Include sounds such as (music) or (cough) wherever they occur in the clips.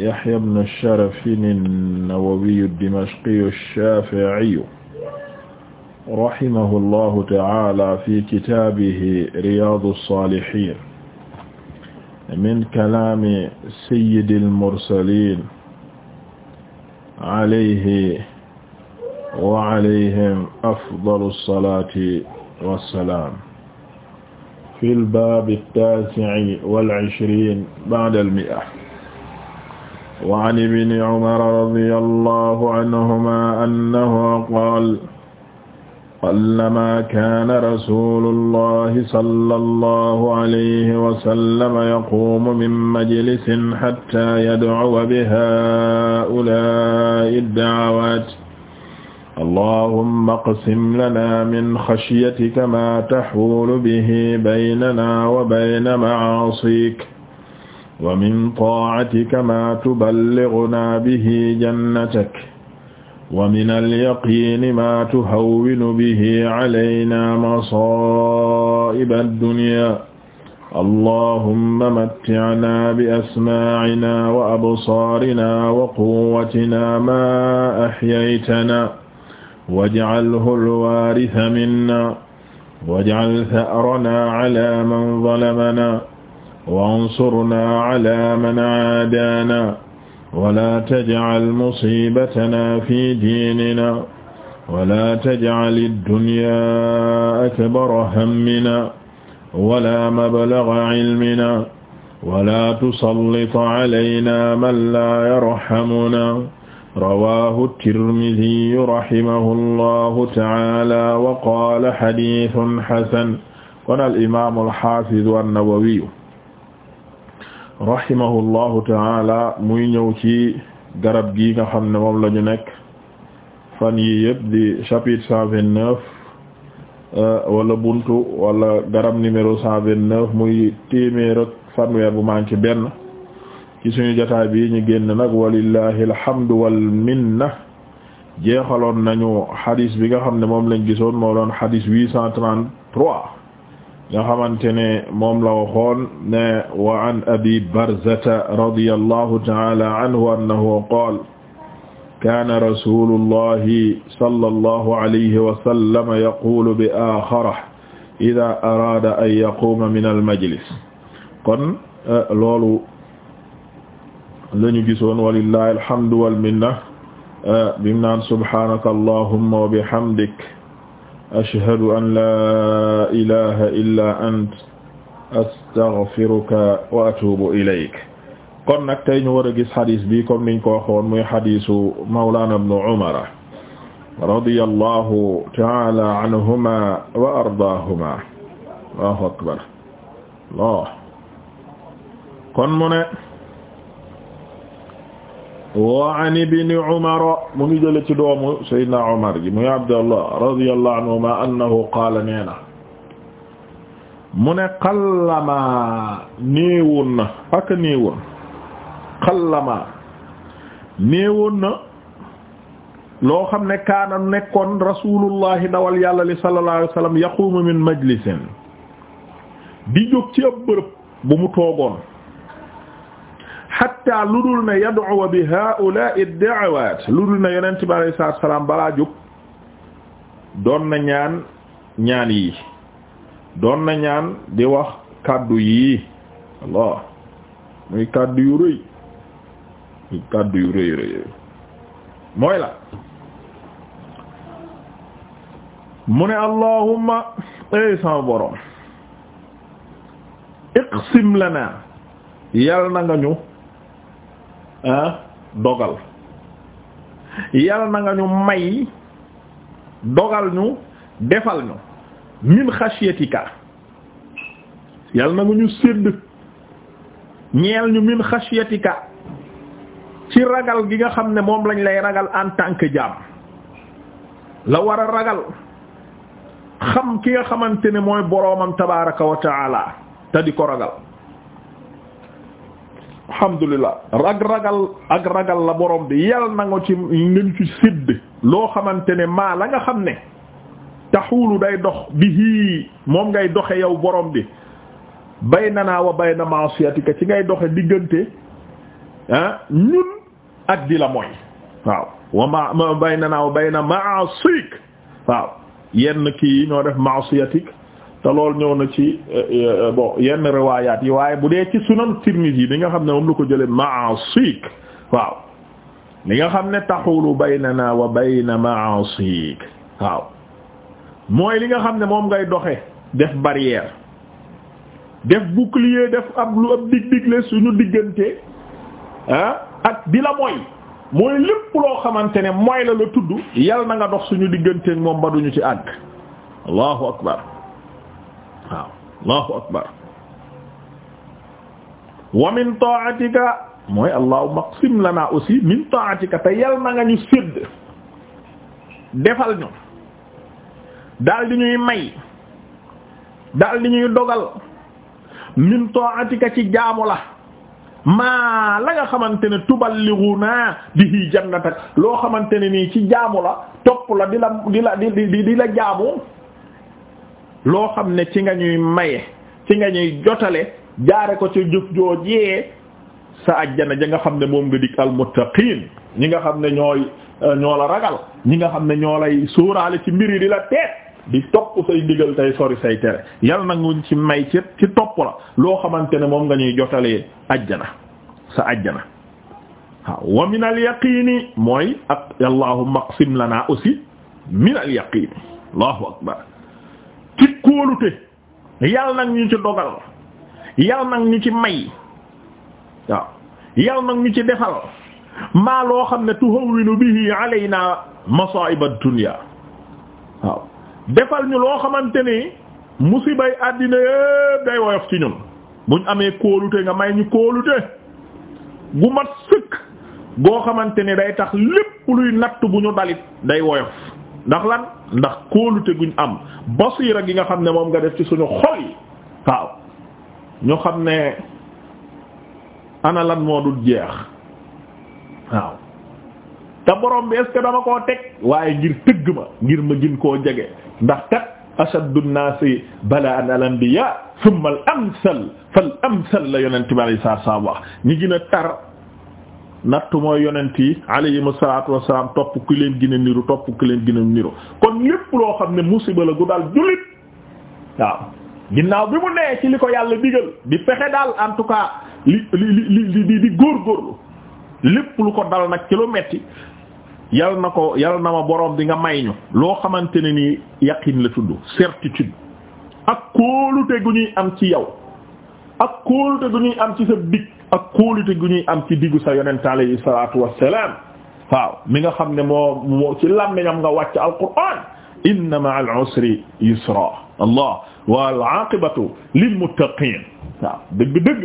Yahya ibn Sharaf an-Nawawi ad-Dimashqi ash-Shafi'i rahimahullahu ta'ala fi kitaabihi Riyaadu s-Saalihiin min kalaami sayyidil mursaliin alayhi wa alayhim afdalu s-salaati wa s-salaam fil baabi t-taasi'i wal ishriin ba'da l-mi'a wa an ibni umara radiyallahu anhuma annahu qaala qallama kaana rasuulullahi sallallahu alayhi wa sallam yaquumu min majlisin hattaa yad'uwa bihaa'ulaa'i ad-da'awaat allahumma aqsim lanaa min khashyatika maa taxuulu bihi baynanaa wa bayna ma'aasiik wa min taacatika maa tuballigunaa bihi jannatak wa min alyaqiini maa tuhawwinu bihi calaynaa masaa'iba addunya allahumma matti'naa bi asmaacinaa wa absaarinaa wa quwwatinaa maa axyaytanaa waj'alhu alwaarisa minnaa waj'al tha'ranaa calaa man zalamanaa wansurnaa calaa man aadaanaa wala tajcal musiibatanaa fi diininaa wala tajcal iddunya akbara hamminaa wala mablaga cilminaa wala tusallit calaynaa man laa yarxamunaa rawaahu tirmidiyu rahimahu allahu tacaala wa qaala xadiisun xasan kon al imaamu alxaafidu annawawiyu rahimahullahu taala muy ñëw ci garab gi nga xam ne moom la ñu nekk fan yi yëpp di chapitre cent vingt neuf euh, wala buntu wala garab numéro cent vingt neuf muy téeméer ak fanweer bu manqué benn ci suñu jotaay bi ñu génn nag walillahi alhamdu wal minna jeexaloon nañu xadis bi nga xam ne moom lañ gisoon moo doon xadis huit nga xamante ne moom la waxoon ne wa an abi barzata radiyallahu ta'ala anhu annahu qaala kaana rasuulullahi sallallahu alayhi wa sallam yaquulu bi aaxarihi idaa araada an yaquuma minal majlis kon eh, loolu la ñu gisoon walillahi alhamdu wal minna eh, bim naan subhaanaka allahumma wa bihamdik ashhadu an laa ilaha illa ant astaghfiruka wa atubu ilayk kon nag tey ñu war a gis xadis bi comme niñ ko waxoon muy xadisu mawlana ibnu umara radiyallahu ta'ala anhuma wa ardaahuma allahu akbar allah kon mu ne wa an ibni umara mu ngi jële ci doomu saydna umar ji muy abdallah radiyallahu anhuma annahu qaala nee na mu ne xallamaa néewoon na ak néewoon xallamaa néewoon na loo xam ne kaana nekkoon rasulullahi dawal yàlla li sallallahu alayhi wasallam yaqumu min majlisin di jóg ci ab bërëb bu mu toogoon xatta lu dul ne yad'u bi haa'ulaa'i ad-da'awaat lu dul ne yonent bi alayhi salaatu wa salaam balaa jóg doon na ñaan ñaan yi doon na ñaan di wax kàddu yi Allah muy kàddu yu rëy muy kàddu yu rëy rëy mooy la mu ne allahumma ay sama borom iqsim lana yal na nga ñu Ah, dogal yal na nga ñu may dogal ñu defal ñu min xasiyatika yal na nga ñu sédd ñeel ñu min xasiyatika ci ragal gi nga xam ne moom lañ lay ragal en tant que jaam la war a ragal xam ki nga xamante ne mooy boroomam tabaraka wa te di ko ragal alhamdulillah rag ragal ak ragal la borom bi yal na nga ci ngeen ci sidd loo xamante ne maa la nga xam ne taxuulu day dox bi hii moom ngay doxe yow borom bi baynanaa wa bayna ma'siyatika ci ngay doxe diggante ah ñun ak di la mooy waaw ma'asik waaw yenn kii ñoo def ma'siyatik te loolu ñëw na ci eh, eh, bon yenn riwaayaat yi waaye bu dee ci sunan yi li nga xam ne moom lu ko jële ma'asik waaw li nga xam ne taxulu baynana wa bayna ma'asik waaw mooy li nga xam ne moom ngay doxe def barrière def bouclier def ab lu ab dig digle suñu diggante ah ak di la mooy mooy lépp loo xamante ne moy la la tudd yal na nga dox suñu digganteek moom ba duñu ci àgg allahu akbar waaw allahu akbar wa min ta'atika mooy allahumma qsim lana aussi min ta'atika te yal na nga ñu sédd defal ñu daal di ñuy may daal di ñuy dogal min ta'atika ci jaamu la maa la nga xamante ne tuballighuna bihi jannatak loo xamante ne nii ci jaamu la topp la di la di la di di di la jaamu loo xam ne ci nga ñuy maye ci nga ñuy jotale jaare ko ci jëf joojee sa ajjana ja nga xam ne moom nga dikk almuttaqiin ñi nga xam ne ñooy euh, ñoo la ragal ñi nga xam ne ñoo lay suuraale ci mbiri di la teet di topp say ndigal tey sori say tere yal na nguñ ci may ci ci topp la loo xamante ne moom nga ñuy jotalee ajjana sa ajjana waaw wa min al yaqiini mooy ak allahumma aqsim lana aussi min al yaqiini allahu akbar kóolute yal nag ñu ci dogal yal nag ñu ci may waaw yal nag ñu ci defal maa loo xam ne tuhawwinu bihi naa masaa'iba dunya waaw defal ñu loo xamante ni musibay àddina yépp day woyof ci ñun buñ amee kóolute nga may ñu kóolute gu mat sëkk goo xamante ni day tax lépp luy natt bu ñu dalit day woyof ndax lan ndax kóolute guñ am basiira gi nga xam ne moom nga def ci suñu xol yi waaw ñu xam ne ana lan moo dul jeex waaw te borom bi est dama koo teg waaye ngir tëgg ma ngir ma gin koo jege ndax kat ashaddu nnaasi balaan al anbiya thumma al amsal fal la yonent bi alayhi salaatu wa salaam wax ñi gën a tar natt mooy yonent yi alayhimu salaatu wassalaam topp ku leen gën a niru topp ku leen gën a niru kon lépp loo xam ne musiba la gu dal jullit waaw ginnaaw bi mu nee ci li ko yàlla digal di fexe daal en tout cas li li li di di góorgóorlu lépp lu ko dal nag ci lu metti yal na ko yal na ma boroom di nga may ñu loo xamante ne nii yaqin la tudd certitude ak kóolute gu ñuy am ci yow ak kóolute gu ñuy am ci sa dig ak kóolute gu ñuy am ci diggu sa yonent alayhi salaatu wassalaam waaw mi nga xam ne moo moo ci làmmiñam nga wàcc alquraan inna ma'al usri yusra allah wal aaqibatu lil muttaqiin waaw dëgg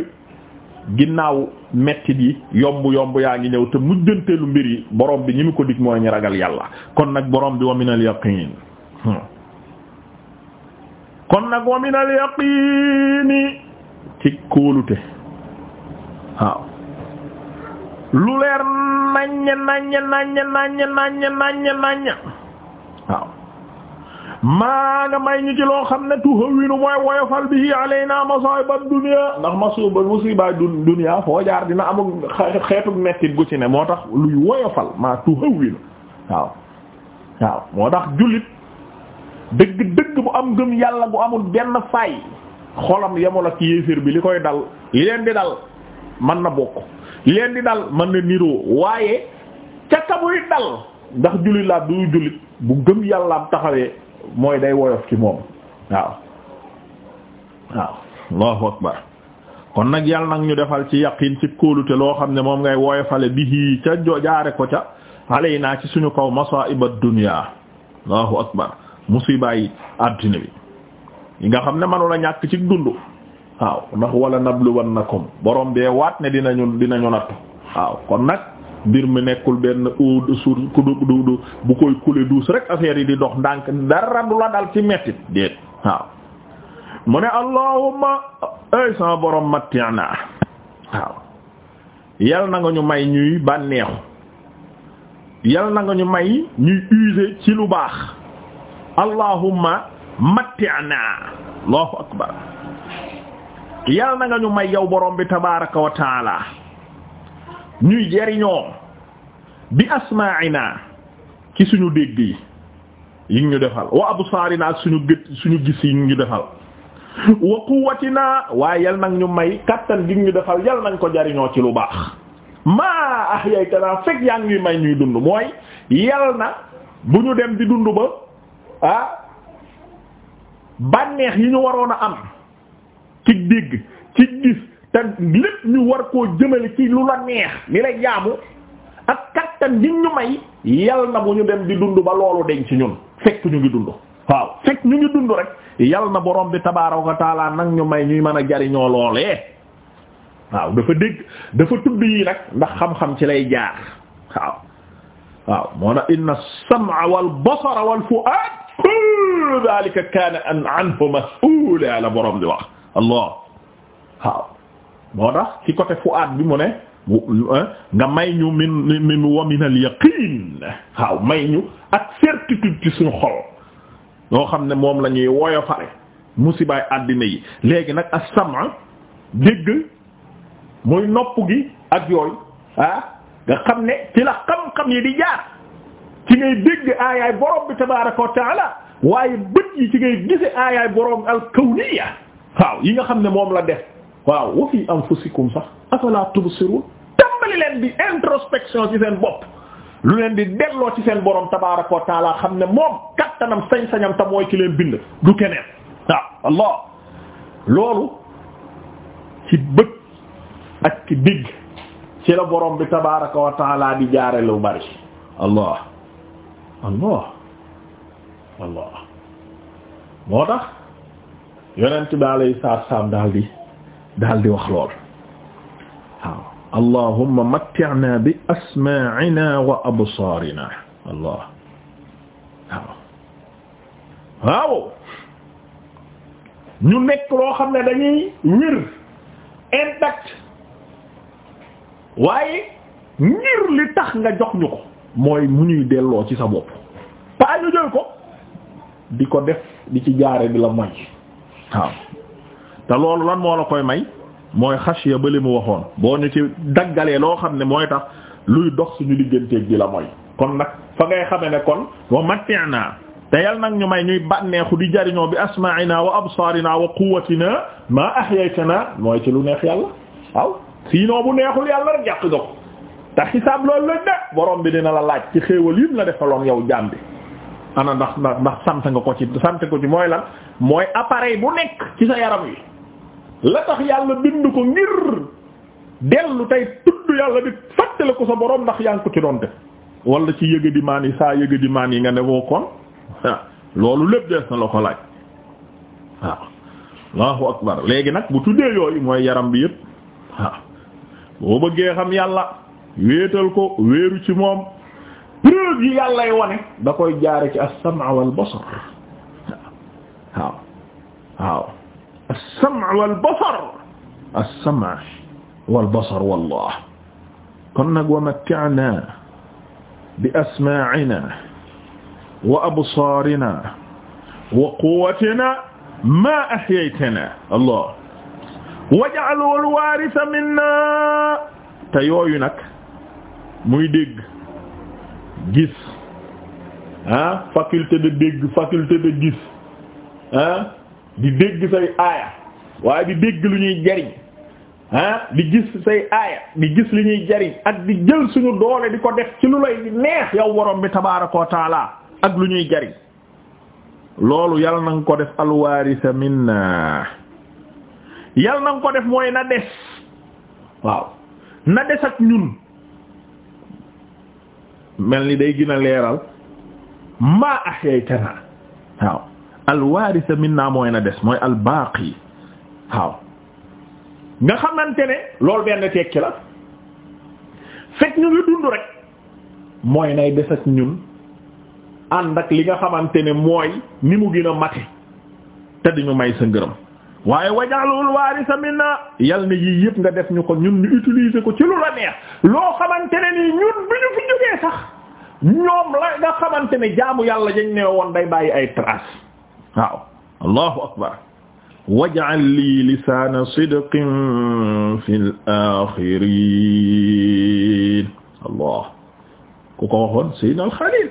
ginnaaw metti yi yomb yomb yaa ngi ñëw te mujjanteelu mbir yi borom bi ñi mu ko dig mooy ñu ragal yàlla kon nag borom bi wa minal yaqiin hmm. kon nag wa minal yaqiini ci kóolute waaw lu leer naññe naññe naññe naññe naññe naññe naññe waaw maa nga may ñu ci loo xam ne tuhawwinu mooy woyofal bihi alaynaa masaa'ibad dunya ndax masuba musiba dunya foo jaar dina amul xeetu mettit gu ci ne moo tax luy woyofal maa tuhawwinu waaw waaw moo tax jullit dëgg dëgg bu am gëm yàlla bu amul benn fay xolam yemul ak yéeféer bi li koy dal li leen di dal man na bokk leen di dal mën na niroo waaye ca kamuy dal ndax jullit laa du jullit bu gëm yàllaam taxawee mooy day woyof ci moom waaw waaw allahu akbar kon nag yàlla nag ñu defal ci yaqin ci kóolute loo xam ne moom ngay woyofale bihi ca jaare ko ca yi naa ci suñu kaw masaa'iba dunya allahu akbar musibaay àddina bi nga xam ne manula ñàkk ci dund waaw ndax wala nabluwannakum borom bee waat ne dinañu dinañu natt waaw kon nag mbir mi nekkul benn eau de source ku bu koy couler douce rek affaire yi di dox ndànk dara du la dal ci mettit déet waaw mu ne allahumma ay sama borom matti'na waaw yal na nga ñu may ñuy bànneexu yal na nga ñu may ñuy user ci lu baax allahumma matti'na allahu akbar yal na nga ñu may yow borom bi tabaraka wa taala ñuy jariñoo bi asmaina ci suñu dégg yi yi ñu defal wa absaarina ak suñu gët suñu gis yi ñu defal wa quwwatina waaye yal nag ñu may kattan gi ñu defal yal nañ ko jariñoo ci lu baax maa ahyaytana fekk yaa ngi may ñuy dund mooy yal na bu ñu dem di dund ba ah bànneex yi ñu waroon a am ci dégg ci gis te lépp ñu war koo jëmale ci lu la neex li la jaamu ak kattan gi ñu may yal na bu ñu dem di dund ba loolu deñ ci ñun fekk ñu ngi dund waaw fekk ñu ngi dund rek yal na boroom bi tabaaraka wa taala nag ñu may ñuy mën a jariñoo loolee waaw dafa dégg dafa tudd yi nag ndax xam-xam ci lay jaar waaw waaw moo na inna as-sam'a wal basara wal fu'aad kullu dhalika kaana anhu mas'uula la borom bi wax allah waaw moo tax ci côté fuaad bi mu ne nga may ñu min min wa min al yaqin waaw may ñu ak certitude ci suñu xol yoo xam ne moom la ñuy woyo fare musibaay àddina yi léegi nag as-sam'a dégg muy nopp gi ak yooyu ah nga xam ne ci la xam-xam yi di jaar ci ngay dégg aayaay borom bi tabaaraka wa waaye bët yi ci ngay gise aayaay borom al-kawniyya waaw yi nga xam ne moom la def waaw wa fi anfusikum sax afala tubsirun tàmbali leen di introspection ci seen bopp lu leen di delloo ci seen borom tabaaraka wa xam ne moom kattanam sañ-sañam ta mooy ci leen bind du keneen waaw allah loolu ci bët ak digg ci la borom bi tabaaraka wa di jaare lu bari allah allah allah moo tax yonent bi alayhi salaam daal di daal di wax lool waaw allahumma matti'na bi asma'ina wa absaarina waaw ñu nekk loo xam ne dañuy wér intact waaye ngir li tax nga jox ñu ko mooy mu ñuy delloo ci sa bopp paa ñu jël ko di ko def di ci jaare di la moy waaw te loolu lan moo la koy may mooy xasiya ba li mu waxoon boo ñu ci daggalee loo xam ne mooy tax luy dox suñu digganteeg di la mooy kon nag fa ngay xame ne kon wa naa te yal nag ñu may ñuy bànneexu di jariñoo bi asma'ina wa absaarina wa quwwatina ma ahyaytana mooy ci lu neex yàlla waaw sinon bu neexul yàlla rek yàq nga ko te xisaab loolu lañ de borom bi dina la laaj ci xéewal yim la defaloon yow jaam bi ana ndax ndax ndax sant nga ko ci sante ko ci mooy lan mooy appareil bu nekk ci sa yaram wi la tax yàlla bind ko ngir dellu tey tudd yàlla bi fàttale ko sa borom ndax yaa ko ci doon def wala ci yëga di maan yi saa yëga di yi nga ne woo kon loolu lépp dees na la ko laaj waaw allahu léegi nag bu tuddee yooyu mooy yaram bi yëpp waaw boo bëggee xam yàlla wéetal ko wéeru ci moom preuve yi yàllay wone da koy jaare ci as-sam' wal basar waaw waaw as-sam' wal basar as-sam' wal basar wallah kon nag wa matti'na bi asma'ina wa absarina wa quwwatina ma ahyaytana allah waj'al al-waritha minna te yooyu nag muy dégg gis ah faculté de dégg faculté de gis di dégg say aaya waaye di dégg lu ñuy jariñ di gis say aaya di gis lu ñuy jariñ ak di jël suñu doole di ko def ci lu lay neex yow borom bi tabaaraka wa ak lu ñuy jariñ loolu yal na nga ko def alwaarisa minna yal na nga ko def mooy na des waaw na des ak ñun mel ni day gën leeral maa ahyaytana waaw alwaarisa minna mooy na des mooy albaaqi waaw nga xamante ne loolu benn tekki la fekk ñu ngi dund rek mooy nay des ak ñun ànd ak li nga xamante ne mooy ni mu gën mate te di ñu may sa ngërëm waaye wajalul waarisa minna yal na yii yëpp nga def ñu ko ñun ñu utiliser ko ci lu la neex loo xamante ne nii ñun bi ñu fi jógee sax ñoom la nga xamante ne jaamu yàlla dañ ne woon day bàyyi ay trace waaw allahu akbar waj'al lii lisaana sidqin fil aaxirin allah ku ko waxoon sayyidina al xaliil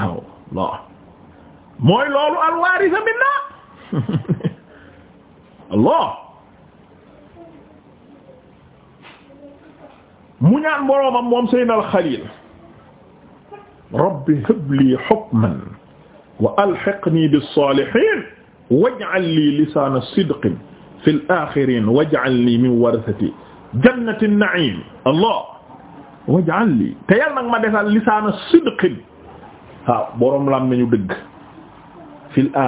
waaw waaw mooy loolu al waarisa minna (laughs) allah mu ñaan boroomam moom seynal xalil rabbi hablii hukman wa alhiqnii bis-saalihiin waj'al lii lisaana sidqin fil aaxiriin waj'alnii min warasati jannati na'iim allah waj'al lii te yàlla nag ma defal lisaana sidqin waaw boroom lam nañu dëgg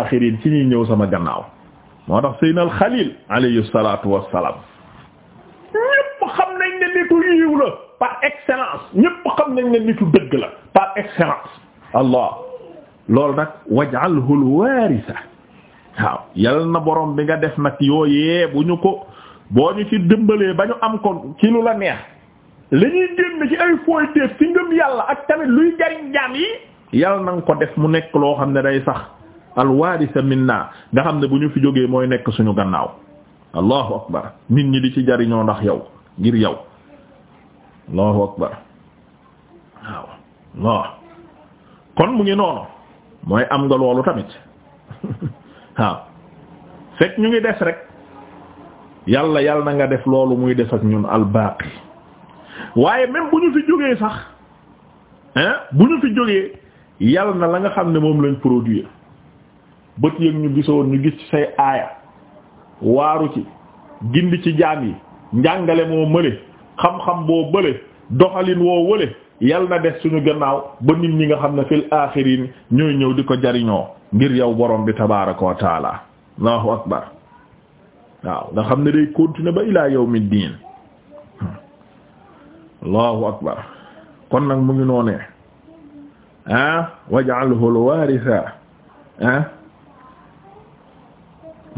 fil ci ñuy ñëw sama gannaaw moo tax Seydina Xaliil alayhi salaatu wassalaam ñépp xam nañ ne nitu yiw la par excellence ñépp xam nañ ne nitu dëgg la par excellence allah loolu nag waj'alhu al waarisa waaw yal na borom bi nga def nag yooyee bu ñu ko boo ñu ci dëmbalee ba ñu am ko ci la neex li ñuy génn ci ay fooy téef ci ngëm yàlla ak tamit luy jariñ jaam yi yal na nga ko def mu nekk loo xam ne day sax alwaarisa minna nga xam ne bu ñu fi jógee mooy nekk suñu gannaaw allahu akbar nit ñi di ci jariñoo ndax yow ngir yow allahu akbar waaw kon mu ngi noonu mooy am nga loolu tamit (laughs) waaw fekk ñu ngi des rek yàlla yàlla na nga def loolu muy des ak ñun albaaqi waaye même bu ñu fi jógee sax bu ñu fi jógee yàlla na la nga xam ne moom lañ produire bët yëg ñu gisoon ñu gis ci say aaya waaru ci gindi ci jaam yi njàngale moo mële xam-xam boo bële doxalin woo wële yal na des suñu gannaaw ba nit ñi nga xam ne fil aaxirin ñooy ñëw di ko jariñoo ngir yow borom bi tabaaraka wa allahu akbar waaw nga xam ne day continuer ba ilaa yawmi diin allahu akbar kon nag mu ngi noonee ah waj'alhu al-waarisa ah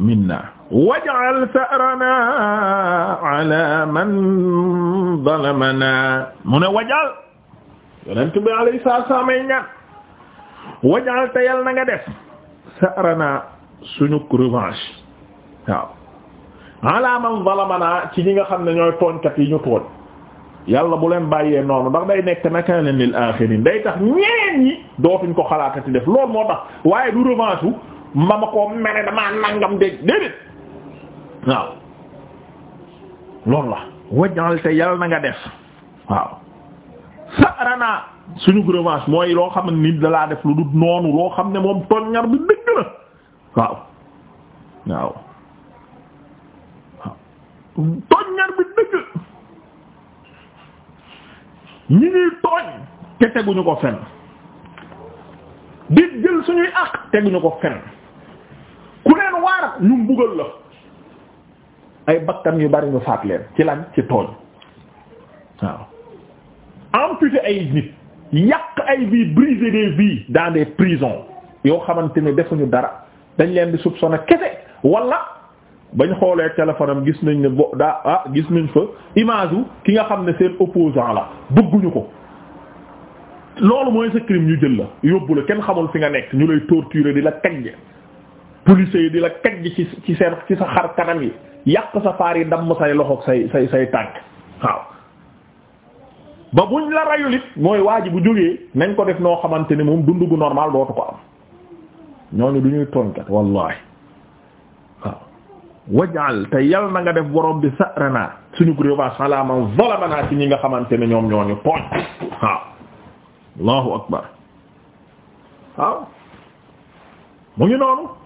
minna waj'al sa'rana ala man zalamana mu ne waj'al yonent bi alayhi salaatu salaam ay ñaan waj'al te yal na nga def sa'rana suñu revanche waaw ala man zalamana ci ñi nga xam ne ñooy tooñkat yi ñu tooñ yàlla bu leen bàyyee noonu ndax day nekk nakaanan lil aaxirin day tax ñeneen ñi dootuñ ko xalaatati def loolu moo tax waaye du revanche ma ma koo mere damaa nangam dégg déedéet waaw loolu la wajal te yàlla na nga def waaw saranaa suñu revanche mooy loo xam ne nit dalaa def lu dut noonu loo xam ne moom toññar bi dëgg la waaw waaw toññar bi dëgg ñi ko fen di jël suñuy àq teguñu ko fen waar ñu mbugal la ay bakkan yu bari ñu faat leen ci lan ci tooñ waaw amputé ay nit yàq ay vies briser des vies dans des prisons yoo xamante ne defuñu dara dañ leen di soupçonner kese wala bañ xoolee téléphone am gis nañ ne bo daa ah gis nañ fa image ki nga xam ne seen opposant la bëgguñu ko loolu mooy sa crime ñu jël la yóbbu la kenn xamul fi nga nekk ñu lay torturer di la teg police di la kajj ci ci seen ci sa xar kanam yi yàq sa faar yi damm say loxoog say say say waaw ba buñ la rayul mooy waa bu jógee nañ ko def noo xamante ni moom dund gu normal dootu ko am ñooñu du ñuy tooñkat wallahi waaw wajal te yal na nga def borom bi sa'rana suñu grievance ala man zalamana ci ñi nga xamante ne ñoom ñooñu tooñ waaw allahu akbar waaw mu ngi noonu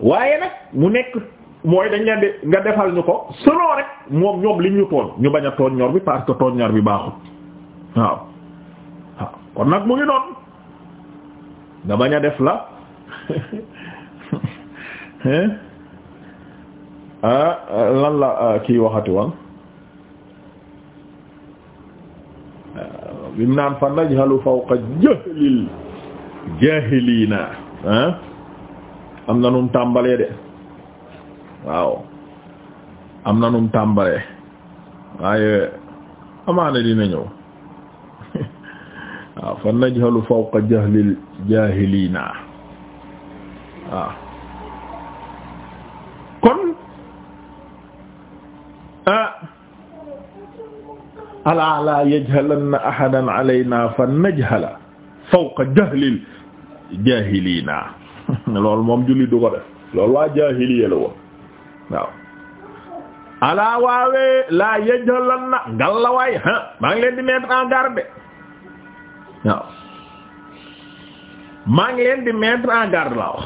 waaye nag mu nekk mooy dañ leen di nga defal ñu ko selon rek moom ñoom li ñu tooñ ñu bañ a tooñ ñor bi parce que tooñ ñor bi baaxut waaw kon nag mu ngi doon nga bañ a def la (laughs) ah, ah, lan la ah, kii waxati woon bi mu naan fa najhalu fawqa jahlil jahilina ah am na num tàmbalee de waaw am na num tàmbalee waaye amaana dina ñëw (laughs) waaw fa najhalu fawqa jahlil jahilina waaw kon ah alaa laa yajhalanna ahadan alayna fa najhala fawqa jahlil jahilina (laughs) loolu moom julli du ko def loolu waa jaahiliya la woon waaw alaa waawee laa yëjalan na ngal ha maa ngi leen di mettre en garde waaw maa ngi leen di mettre en garde laa wax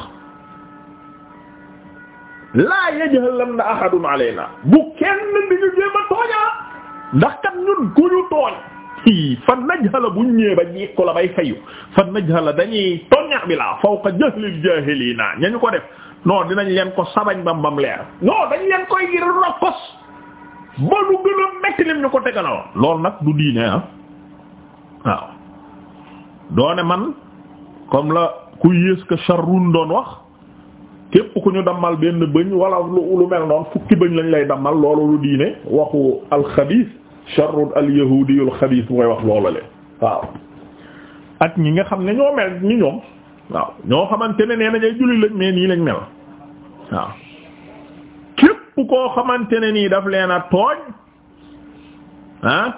laa yëjalan na ahadun alayna bu kenn di ñu jéem a ndax kat ñun ku ñu tooñ (laughs) fa najhala bu ñëwee ba jekku la bay fayu fa najhala dañuy toñña bi la fawqa jahlil jaahiliina ñañu ko def non dinañ leen ko sabañ bam bam leer non dañ leen koy ngir rokkos ba lu gën metti lim ñu ko tegalawoon loolu nag du diine ah waaw doone man comme la ku yées que charrun doon wax képp ku ñu dammal benn bëñ wala lu mel noonu fukki bëñ lañ lay dammal loolu diine waxu alxabiis sharrun al yahudiyul xabiis mooy wax loolale waaw ak ñi nga xam ne ñoo mel ni ñoom waaw ñoo xamante ne nee nañ ay julli lañ mais nii lañ mel waaw képp koo xamante ne nii daf leen a tooñ ah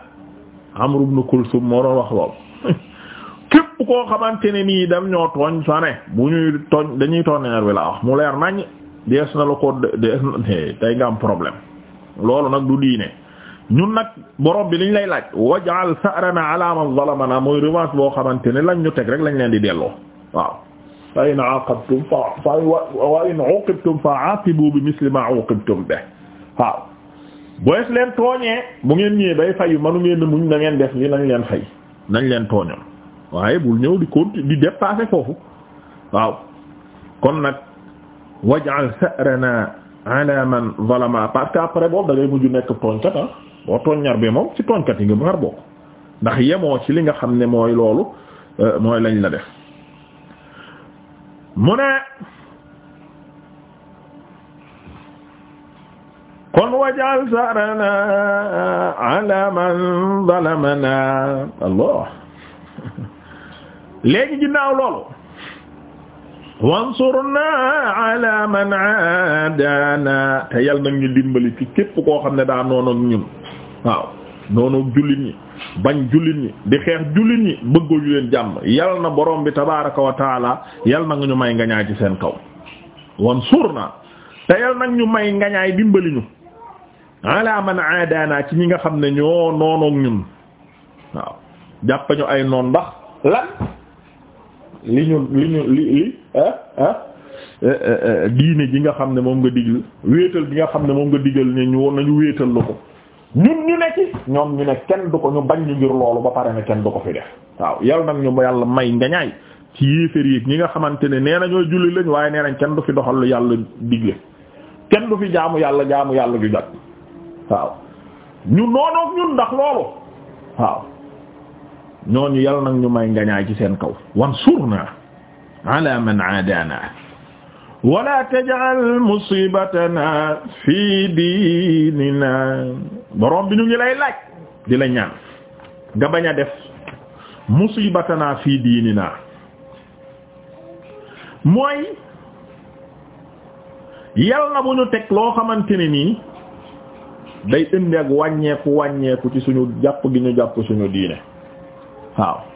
Amru ibn Kulsum moo (laughs) koo xamante ne nii daf ñoo tooñ soo ne bu ñuy tooñ dañuy tooñ neer wi laa wax mu leer nañ dees na la ko dees tey nga am problème loolu nag du diine ñun nag borom bi liñ lay laaj waj'al sa'rana ala man zalamana mooy revanche boo xamante ne lañ ñu teg rek lañ leen di delloo waaw fa in aqabtum fa fa wa in uqibtum fa aqibu bi misli ma uqibtum be waaw leen tooñee bu ngeen ñëwee bay fayu manu ngeen ne muñ na ngeen def li nañ leen fay nañ leen tooñoon waaye bul ñëw di continuer di dépasser foofu waaw kon nag waj'al sa'rana ala man parce que après boobu da ngay nekk tooñkat ah boo tooññar bi moom ci tooñkat yi nga far bokk ndax yemoo ci li nga xam ne mooy loolu euh, mooy lañ la def mu ne kon wajal sarana ala man zalamana allah (laughs) léegi ginnaaw loolu wansurna ala man aadana te yal na ñu dimbali ci képp koo xam ne daa noonoon ñun waaw noonu jullit ñi bañ jullit ñi di xeex jullit ñi bëggul leen jàmm yal na borom bi tabaaraka wa yal na nga ñu may ngañaay ci seen kaw wan suur naa te yal nag ñu may ngañaay dimbali ñu ala man aadaana ci ñi nga xam ne ñoo noonoog ñun waaw jàpp ay noon ndax lan li ñu li ñu li li ah ah eh, eh, eh, diine ji nga xam ne moom nga digal wéetal gi nga xam ne moom nga digal ne ñu woon nañu wéetal la ko ñun ñu ne ñoom ñu ne kenn du ko ñu bañ ñu ngir loolu ba pare na kenn du ko fi def waaw yal nag ñu yàlla may ngañaay ci yéeféer yi ñi nga xamante ne nee nañoo ñoo julli lañ waaye nee nañ kenn du fi doxal lu yàlla digle kenn du fi jaamu yàlla jaamu yàlla ju jag waaw ñu noonoog ñun ndax loolu waaw ñooñu yal nag ñu may ngañaay ci seen kaw wan surna ala man aadaana wala tajal musibatana fi diinina borom bi ñu ngi lay laaj di la ñaan nga bañ a def musibatana fi diinina mooy yal na bu ñu teg loo xamante ne nii day indi ak wàññeeku wàññeeku ci suñu jàpp gi ñu jàpp suñu diine waaw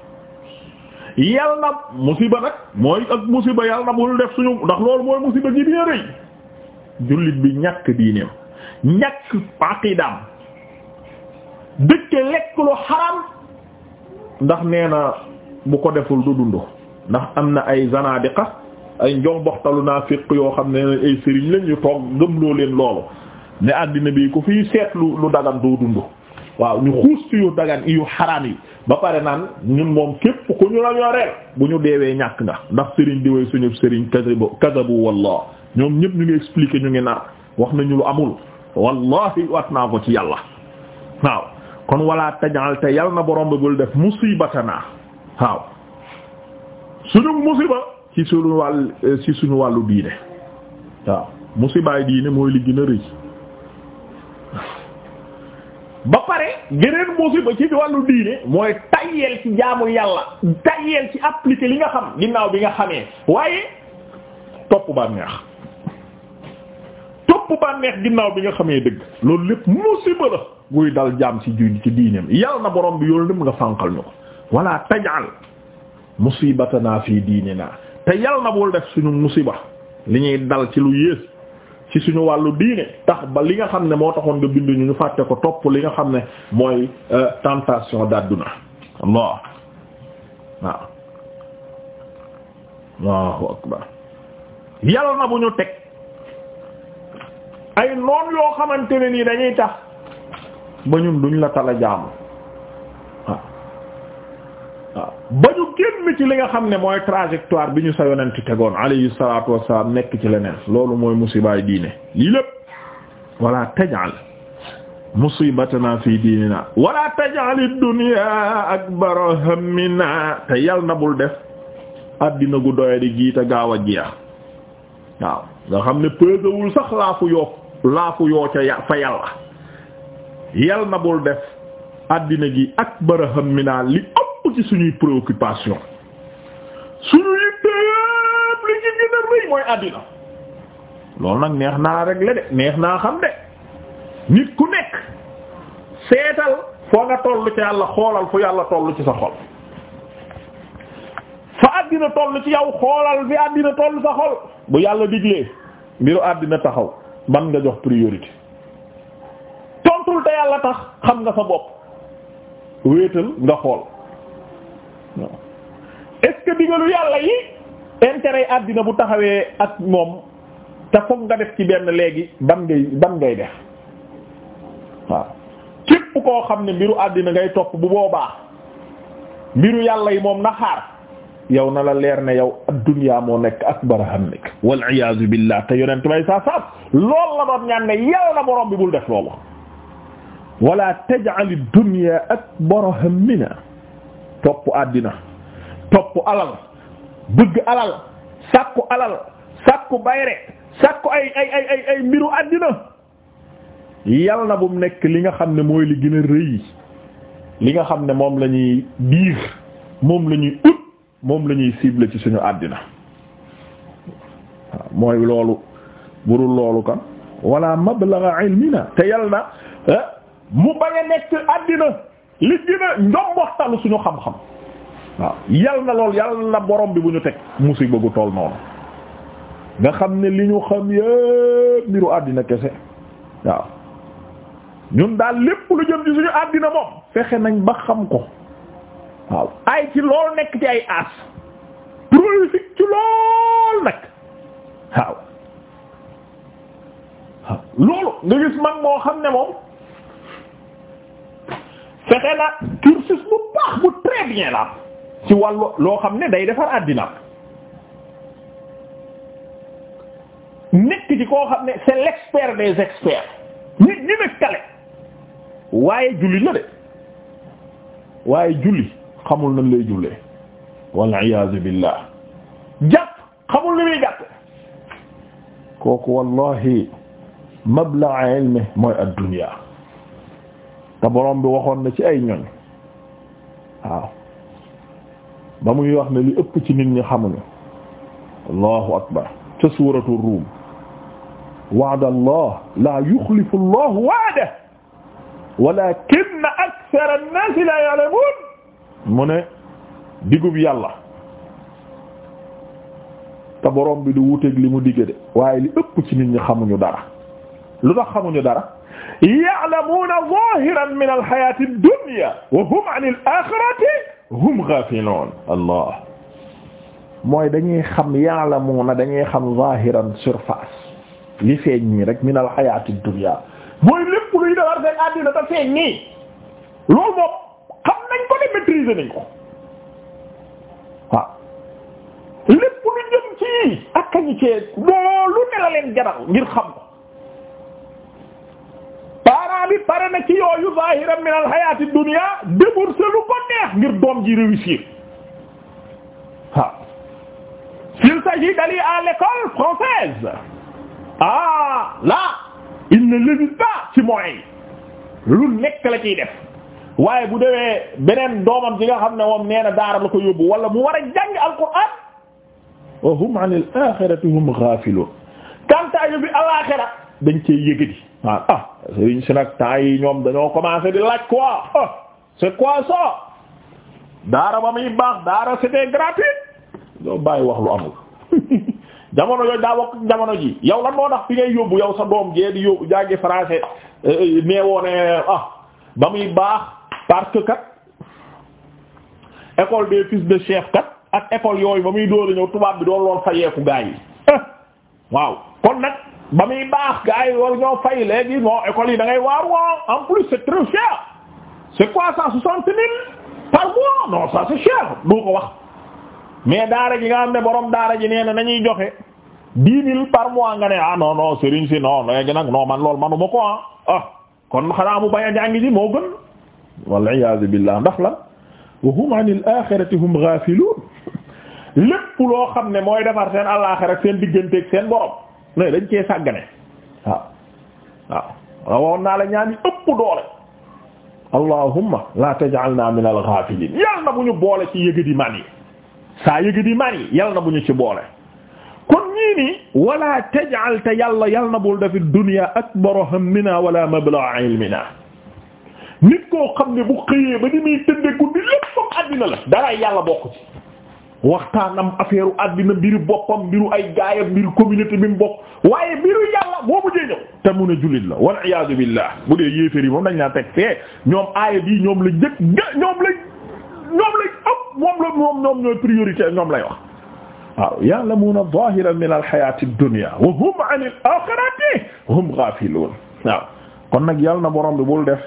yal na musiba nag mooy ak musiba yal na bul def suñu ndax loolu mooy musiba gi dina rëy jullit bi ñàkk diineem ñàkk aqidaam dëkk lekk lu xaram ndax nee na bu ko deful du dund ndax am na ay zanadiqa ay njomboxtalu naa fiq yoo xam ne ay sëriñ lañ ñu toog gëmloo leen loolu ne àddina bi ko fiy seet lu lu dagan doo dund waaw ñu xuus ci yu dagan yu xaraam yi ba pare naan ñun moom képp ku ñu la yoreel bu ñu deewee ñàkk nga ndax sëriñ di way suñu sëriñ kazabu kazabu wallah ñoom ñëpp ñu ngi expliquer ñu ngi nar wax nañu lu amul wallahi wat naa ko ci yàlla waaw kon wala tajal te yal na borom bi bul def musibatana waaw suñu musiba ci suñu wàll ci suñu wàllu diine waaw musibaay diine mooy li gën rëy ba pare geneen musiba ci wàllu diine mooy tayyeel ci jaamu yàlla tayyeel ci appliquer li nga xam ginnaaw bi nga xamee waaye topp bànneex topp bànneex ginnaaw bi nga xamee dëgg loolu lépp musiba la guy dal jaam ci ju diineem yàlla na borom bi yoolu lépp nga fànqal ñu ko wala tajal musibatana fii diinina te yàlla na bul def suñu musiba li ñuy dal ci lu yées ci suñu wàllu diine tax ba li nga xam ne moo taxoon nga bind ñu ñu fàtte ko topp li nga xam ne mooy euh, tentation d'adduna Allah waaw Allahu akbar yàlla na bu ñu teg ay noon yoo xamante ne nii dañuy tax ba ñun duñ la tala jaamu ba ñu génn ci li nga xam ne mooy trajectoire bi ñu sa yonent tegoon alayhi salaatu wassalaam nekk ci leneen loolu mooy musibaay diine lii lépp wala tajal musibatana fi diinina wala tajal dunya akbara hammina te yal na bul def addina gu doye di jiite gaaw a jeex waaw nga xam ne pesewul sax laafu yoo laafu yoo ca ya fa yàlla yal na bul def addina gi akbara hammina li ci suñuy préoccupation suñu yitte li ci gën a mooy àddina loolu nag neex naa régler de neex naa xam de nit ku nekk seetal foo nga toll ci yàlla xoolal fu yàlla toll ci sa xol fa àddina toll ci yow xoolal fi àddina toll sa xol bu yàlla diglee mbiru àddina taxaw ban nga jox priorité tontul te yàlla tax xam nga sa bopp wéetal nga xool est-ce digalu yàlla yi intérêt àddina bu taxawee ak moom te foog nga def ci benn léegi ban ngay ban ngay def waaw képp koo xam ne mbiru àddina ngay topp bu boobaa mbiru yàlla yi moom na xaar yow na la leer ne yow ad-dunya moo nekk ak akbar hamlik wal iyaazu billah te yonent bay saa saam lool la doon ñaan ne yàlla borom bi bul def loolu wala taj'al ad-dunya akbar hammina topp àddina topp alal bëgg alal sàkku alal sàkku bayre sàkku ay ay ay ay mbiru àddina yal na bu mu nekk li nga xam ne mooy li gën a rëy li nga xam ne moom lañuy ñuy moom la ut moom la ñuy cible ci suñu àddina mooy loolu burul loolu kan wala mablagha ilmina te yal na eh, mu bañ a nekk àddina li a njomboxtalu suñu xam-xam waaw yal na lool yal na borom bi bu ñu teg musiba gu toll noonu nga xam ne li ñu xam yëpp mbiru àddina kese waaw ñun daal lépp lu jëm ci suñu àddina moom fexe nañ ba xam ko waaw ay ci lool nekk ci ay aas prolifique ci lool nag waaw loolu nga gis mag moo xam ne moom fexe la cursus bu baax bu très bien la ci wàllu loo xam ne day defar àddina nekk ci koo xam ne c'est l'expert des experts nit ñi nekk kale waaye julli la de waaye julli xamul nañ lay jule wal iyaazu billah jàpp mooy ad-dunya te borom bi waxoon na ci ay ñoñ waaw ba muy wax ne li ëpp ci nit ñi xamuñu allahu akbar ca suuratu ruum wa'da allah la yuxlifu allah wa'dahu walakinna akthara an-naasi la ya'lamuun mu ne digub yàlla te borom bi du wuteeg li mu digge de waaye li ëpp ci nit ñi xamuñu dara lu tax xamuñu dara ya'lamuuna zaahiran min al-hayaati ad-dunya wa hum 'ani al-aaxirati xam ya'lamuuna dañuy xam li feeñ nii rek min al-hayaati ad-dunya mooy lépp luy defar seen àddina te feeñ nii xam nañ ko ne maîtriser nañ ko waaw lépp lu la leen jaral ngir xam bi pare na ci yooyu zahiran min al hayati dunya débourse lu ko neex ngir doom ji réussir waaw s'il s'agit d'aller à l'école française ah là il ne l'hésite pas ci moyens lu nekk la ciy def waaye bu dewee beneen doomam ci nga xam ne moom nee na daara la ko yóbbu wala mu war a jàng alquran wa hum an al axirati hum ghafilun kanta yu bi al axira dañ cee yëgadi naan ah sëriñ si nag temps yi ñoom dañoo commencé di laaj quoi ah c'est quoi ça daara ba muy baax daara c'était gratuit doo bàyyi wax lu amul (laughs) jamono yooyu daa wax jamono ji yow lan moo tax fi ngay yóbbu yow sa doom jee di yóbbu jàngi français neewoo euh, euh, ne ah, ba muy baax parce que kat école des fils de chef kat ak école yooyu ba muy dóor a ñëw tubaab bi doon lool fayeeku gaa yi (laughs) waaw kon nag ba muy baax gars yi ñoo fay léegi non école yi da ngay waar woo en plus c'est très cher c'est quoi ko wax mais daara ji nga xam ne borom daara ji nee na nañuy joxe dix mille par mois nga ne ah non non Serigne si non léegi nag non man loolu manuma ko ah, ah kon xanaa mu bañ a jàngi ji moo gën wal iyaazu billah ndax la wa hum anil axirati hum gaafiluun lépp loo xam ne mooy defar seen àllaxira seen digganteeg seen borom. mais dañ cee sàggane waaw waaw rawoon naa la ñaan ëpp doole allahumma la taj'alna min al yal na bu ñu boole ci yëgadi man saa yëgadi man yal na bu ñu ci boole kon ñii wala taj'al te yàlla yal na bul dafi dunya akbar hammina wala mablagha ilmina nit koo xam ne bu xëyee ba ni muy tëdde guddi lépp foog àddina la dara yàlla bokk ci waxtaanam affaire àddina mbiru boppam mbiru ay gaayam mbiru communauté bi mu bokk waaye mbiru yàlla moo mu ne jullit la wal iyaadu billah bu dee yéeféer yi moom dañ laa teg fee ñoom aaya bii ñoom la njëkk ñoom la ñoom la ëpp moom la moom ñoom ñooy priorité ñoom lay wax waaw ya'lamuuna zaahiran min al-hayaati ad-dunya wa hum 'an gaafiluun waaw kon nag yàlla na borom bi bul def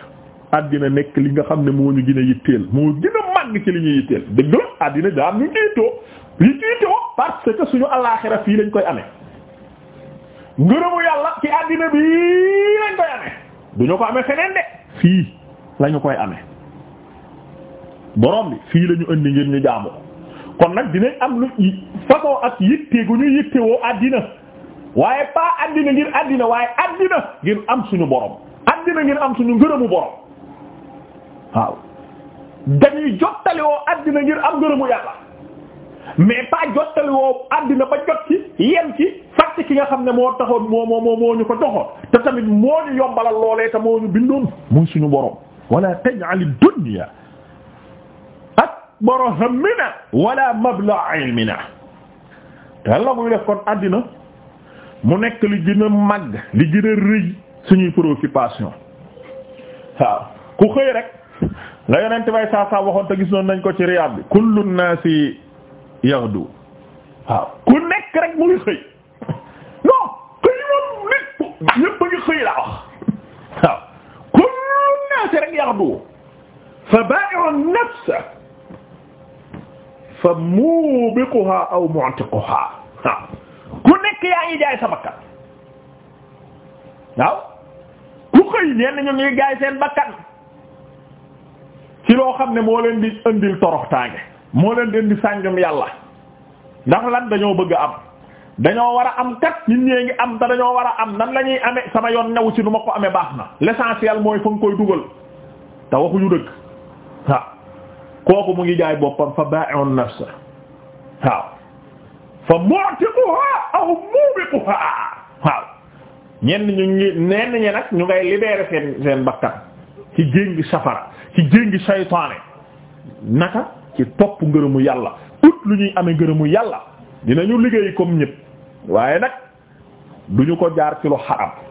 àddina nekk li nga xam ne moo ñu gën a yitteel moo gën a àgg ci li ñuy yitteel dëgg la àddina daa am ñu tiitoo li tiitoo parce que suñu alaaxira fii lañ koy amee ngërëmu yàlla ci àddina bi lañ koy amee duñu ko amee feneen de fii lañu koy ame borom bi fii lañu ënd ngir ñu jaamu kon nag dinañ am lu façon ak yitte gu ñu yitte woo àddina waaye pas àddina ngir àddina waaye àddina ngir am suñu borom àddina ngir am suñu ngërëmu borom waaw dañuy jottaliwoo àddina ngir am ngërëmu yàlla mais pas jottaliwoo àddina ba jot ci yem ci fàtte ki nga xam ne moo taxoon moo moo moo moo ñu ko joxoon te tamit moo ñu yombalal loolee te moo ñu bindoon muy suñu borom wala taj'al ad-dunya akbara hammina wala mablagha ilmina te la muy def kon àddina mu nekk li gën a màgg li gën a rëy suñuy préoccupation waaw ku xëy rek la yonent bay saa saa waxoon te gis noonu nañ ko ci Riyad bi kullu naasi yaghdu waaw ku nekk rek mu ngi xëy non kuy moom nit ñépp a ngi xëy laa wax waaw kullu naasi rek yaghdu fa ba'i'u nafsa fa mubiquha aw mu'tiquha waaw ku nekk yaa ngi jaay sa bakkan waaw ku xëy ñenn ñu ngi jaay seen bakkan ci loo xam ne moo leen di indil toroxtaange moo leen di indi sànjum yàlla ndax lan dañoo bëgg a am dañoo war a am kat nit ñee ngi am te dañoo war a am nan la ñuy amee sama yoon new ci nu ma ko amee baax na l'essentiel mooy fa koy dugal te waxuñu dëgg mu ngi jaay boppam fa ba'un nafsa waaw fa mu'tiquha aw mubiquha waaw ñenn ñu ngi ñenn ñi nag ñu ngay libérer seen seen bakkan ci génn safara ci jéngi saytaane naka ci topp ngërëmu yàlla ut lu ñuy amee ngërëmu yàlla dinañu liggéey comme ñëpp waaye nag duñu ko jaar ci lu xaram